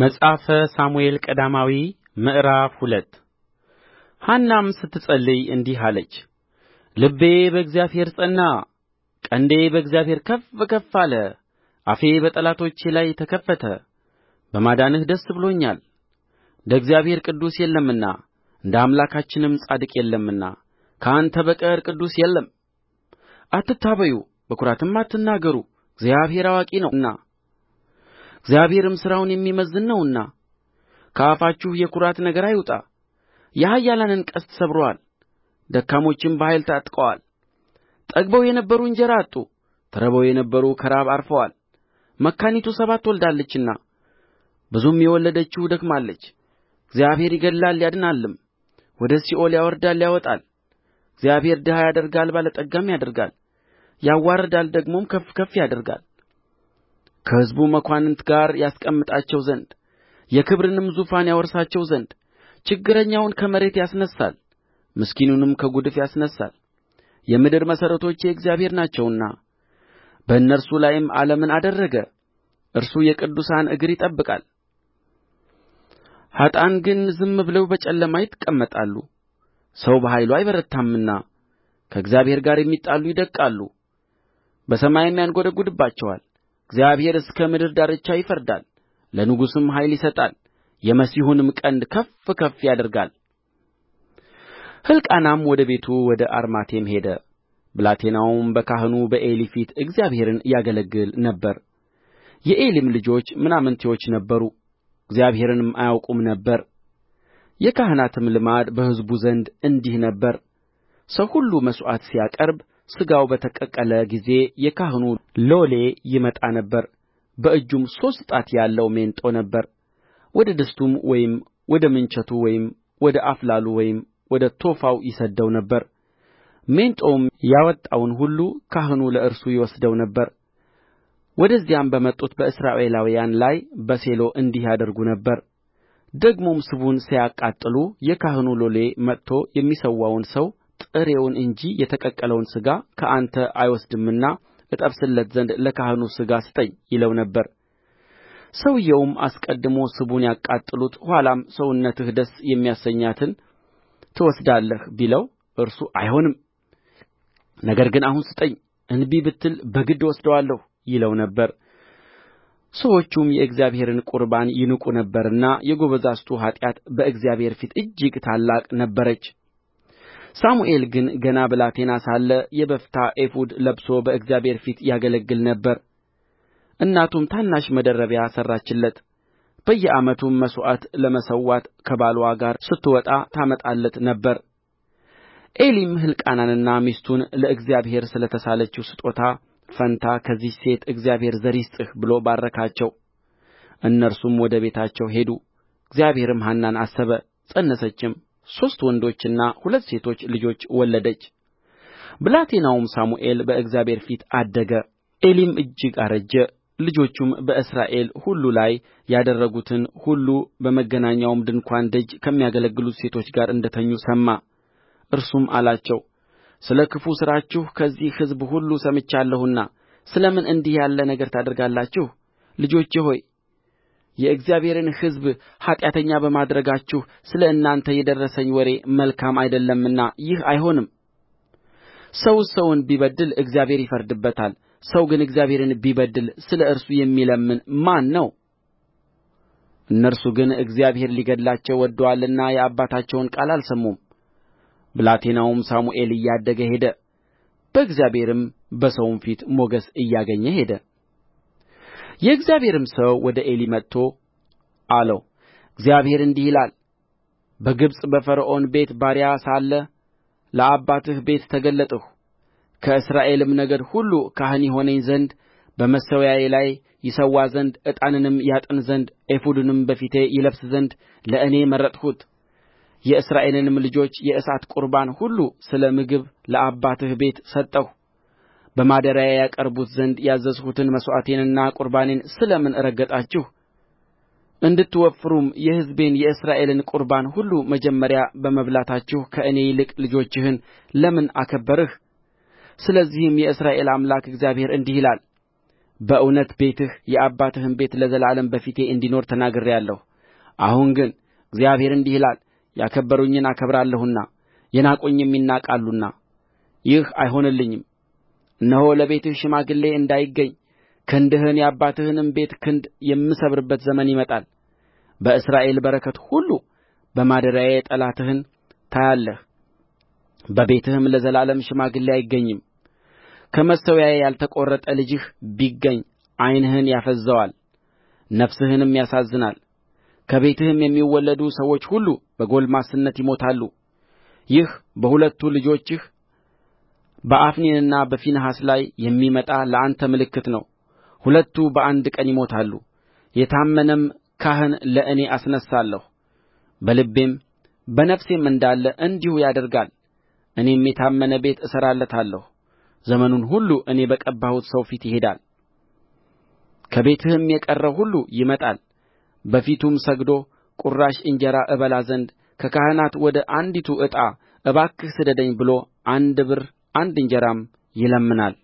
መጽሐፈ ሳሙኤል ቀዳማዊ ምዕራፍ ሁለት ሐናም ስትጸልይ እንዲህ አለች። ልቤ በእግዚአብሔር ጸና፣ ቀንዴ በእግዚአብሔር ከፍ ከፍ አለ። አፌ በጠላቶቼ ላይ ተከፈተ፣ በማዳንህ ደስ ብሎኛል። እንደ እግዚአብሔር ቅዱስ የለምና እንደ አምላካችንም ጻድቅ የለምና ከአንተ በቀር ቅዱስ የለም። አትታበዩ፣ በኵራትም አትናገሩ፣ እግዚአብሔር አዋቂ ነውና እግዚአብሔርም ሥራውን የሚመዝን ነውና ከአፋችሁ የኵራት ነገር አይውጣ የኃያላንን ቀስት ሰብሮአል ደካሞችም በኃይል ታጥቀዋል ጠግበው የነበሩ እንጀራ አጡ ተርበው የነበሩ ከራብ ዐርፈዋል መካኒቱ ሰባት ወልዳለችና ብዙም የወለደችው ደክማለች እግዚአብሔር ይገድላል ያድናልም ወደ ሲኦል ያወርዳል ያወጣል እግዚአብሔር ድሀ ያደርጋል ባለጠጋም ያደርጋል ያዋርዳል ደግሞም ከፍ ከፍ ያደርጋል ከሕዝቡ መኳንንት ጋር ያስቀምጣቸው ዘንድ የክብርንም ዙፋን ያወርሳቸው ዘንድ ችግረኛውን ከመሬት ያስነሣል ምስኪኑንም ከጉድፍ ያስነሣል የምድር መሠረቶች የእግዚአብሔር ናቸውና በእነርሱ ላይም ዓለምን አደረገ እርሱ የቅዱሳን እግር ይጠብቃል ኀጥኣን ግን ዝም ብለው በጨለማ ይቀመጣሉ ሰው በኃይሉ አይበረታምና ከእግዚአብሔር ጋር የሚጣሉ ይደቅቃሉ በሰማይም ያንጐደጕድባቸዋል እግዚአብሔር እስከ ምድር ዳርቻ ይፈርዳል ለንጉሡም ኃይል ይሰጣል የመሲሑንም ቀንድ ከፍ ከፍ ያደርጋል ሕልቃናም ወደ ቤቱ ወደ አርማቴም ሄደ ብላቴናውም በካህኑ በዔሊ ፊት እግዚአብሔርን ያገለግል ነበር የዔሊም ልጆች ምናምንቴዎች ነበሩ እግዚአብሔርንም አያውቁም ነበር የካህናትም ልማድ በሕዝቡ ዘንድ እንዲህ ነበረ ሰው ሁሉ መሥዋዕት ሲያቀርብ ሥጋው በተቀቀለ ጊዜ የካህኑ ሎሌ ይመጣ ነበር በእጁም ሦስት ጣት ያለው ሜንጦ ነበረ ወደ ድስቱም ወይም ወደ ምንቸቱ ወይም ወደ አፍላሉ ወይም ወደ ቶፋው ይሰድደው ነበር ሜንጦውም ያወጣውን ሁሉ ካህኑ ለእርሱ ይወስደው ነበር ወደዚያም በመጡት በእስራኤላውያን ላይ በሴሎ እንዲህ ያደርጉ ነበር ደግሞም ስቡን ሳያቃጥሉ የካህኑ ሎሌ መጥቶ የሚሠዋውን ሰው ጥሬውን እንጂ የተቀቀለውን ሥጋ ከአንተ አይወስድምና እጠብስለት ዘንድ ለካህኑ ሥጋ ስጠኝ ይለው ነበር ሰውዮውም አስቀድሞ ስቡን ያቃጥሉት ኋላም ሰውነትህ ደስ የሚያሰኛትን ትወስዳለህ ቢለው እርሱ አይሆንም ነገር ግን አሁን ስጠኝ እንቢ ብትል በግድ እወስደዋለሁ ይለው ነበር ሰዎቹም የእግዚአብሔርን ቁርባን ይንቁ ነበርና የጎበዛዝቱ ኃጢአት በእግዚአብሔር ፊት እጅግ ታላቅ ነበረች ሳሙኤል ግን ገና ብላቴና ሳለ የበፍታ ኤፉድ ለብሶ በእግዚአብሔር ፊት ያገለግል ነበር እናቱም ታናሽ መደረቢያ ሠራችለት በየዓመቱም መሥዋዕት ለመሠዋት ከባልዋ ጋር ስትወጣ ታመጣለት ነበር ዔሊም ሕልቃናንና ሚስቱን ለእግዚአብሔር ስለ ተሳለችው ስጦታ ፋንታ ከዚህች ሴት እግዚአብሔር ዘር ይስጥህ ብሎ ባረካቸው እነርሱም ወደ ቤታቸው ሄዱ እግዚአብሔርም ሐናን አሰበ ፀነሰችም ሦስት ወንዶችና ሁለት ሴቶች ልጆች ወለደች ብላቴናውም ሳሙኤል በእግዚአብሔር ፊት አደገ ዔሊም እጅግ አረጀ ልጆቹም በእስራኤል ሁሉ ላይ ያደረጉትን ሁሉ በመገናኛውም ድንኳን ደጅ ከሚያገለግሉት ሴቶች ጋር እንደ ተኙ ሰማ እርሱም አላቸው ስለ ክፉ ሥራችሁ ከዚህ ሕዝብ ሁሉ ሰምቻለሁና ስለ ምን እንዲህ ያለ ነገር ታደርጋላችሁ ልጆቼ ሆይ የእግዚአብሔርን ሕዝብ ኃጢአተኛ በማድረጋችሁ ስለ እናንተ የደረሰኝ ወሬ መልካም አይደለምና ይህ አይሆንም ሰውስ ሰውን ቢበድል እግዚአብሔር ይፈርድበታል ሰው ግን እግዚአብሔርን ቢበድል ስለ እርሱ የሚለምን ማን ነው እነርሱ ግን እግዚአብሔር ሊገድላቸው ወድዶአልና የአባታቸውን ቃል አልሰሙም ብላቴናውም ሳሙኤል እያደገ ሄደ በእግዚአብሔርም በሰውም ፊት ሞገስ እያገኘ ሄደ የእግዚአብሔርም ሰው ወደ ዔሊ መጥቶ አለው እግዚአብሔር እንዲህ ይላል በግብፅ በፈርዖን ቤት ባሪያ ሳለ ለአባትህ ቤት ተገለጥሁ ከእስራኤልም ነገድ ሁሉ ካህን ይሆነኝ ዘንድ በመሠዊያዬ ላይ ይሠዋ ዘንድ ዕጣንንም ያጥን ዘንድ ኤፉድንም በፊቴ ይለብስ ዘንድ ለእኔ መረጥሁት የእስራኤልንም ልጆች የእሳት ቍርባን ሁሉ ስለ ምግብ ለአባትህ ቤት ሰጠሁ በማደሪያዬ ያቀርቡት ዘንድ ያዘዝሁትን መሥዋዕቴንና ቍርባኔን ስለ ምን ረገጣችሁ እንድትወፍሩም የሕዝቤን የእስራኤልን ቍርባን ሁሉ መጀመሪያ በመብላታችሁ ከእኔ ይልቅ ልጆችህን ለምን አከበርህ ስለዚህም የእስራኤል አምላክ እግዚአብሔር እንዲህ ይላል በእውነት ቤትህ የአባትህም ቤት ለዘላለም በፊቴ እንዲኖር ተናግሬአለሁ አሁን ግን እግዚአብሔር እንዲህ ይላል ያከበሩኝን አከብራለሁና የናቁኝም ይናቃሉና ይህ አይሆንልኝም እነሆ ለቤትህ ሽማግሌ እንዳይገኝ ክንድህን የአባትህንም ቤት ክንድ የምሰብርበት ዘመን ይመጣል በእስራኤል በረከት ሁሉ በማደሪያዬ ጠላትህን ታያለህ በቤትህም ለዘላለም ሽማግሌ አይገኝም ከመሠዊያዬ ያልተቈረጠ ልጅህ ቢገኝ ዓይንህን ያፈዝዘዋል ነፍስህንም ያሳዝናል ከቤትህም የሚወለዱ ሰዎች ሁሉ በጕልማስነት ይሞታሉ ይህ በሁለቱ ልጆችህ በአፍኒንና በፊንሐስ ላይ የሚመጣ ለአንተ ምልክት ነው ሁለቱ በአንድ ቀን ይሞታሉ የታመነም ካህን ለእኔ አስነሣለሁ በልቤም በነፍሴም እንዳለ እንዲሁ ያደርጋል እኔም የታመነ ቤት እሠራለታለሁ ዘመኑን ሁሉ እኔ በቀባሁት ሰው ፊት ይሄዳል ከቤትህም የቀረው ሁሉ ይመጣል በፊቱም ሰግዶ ቁራሽ እንጀራ እበላ ዘንድ ከካህናት ወደ አንዲቱ ዕጣ እባክህ ስደደኝ ብሎ አንድ ብር አንድ እንጀራም ይለምናል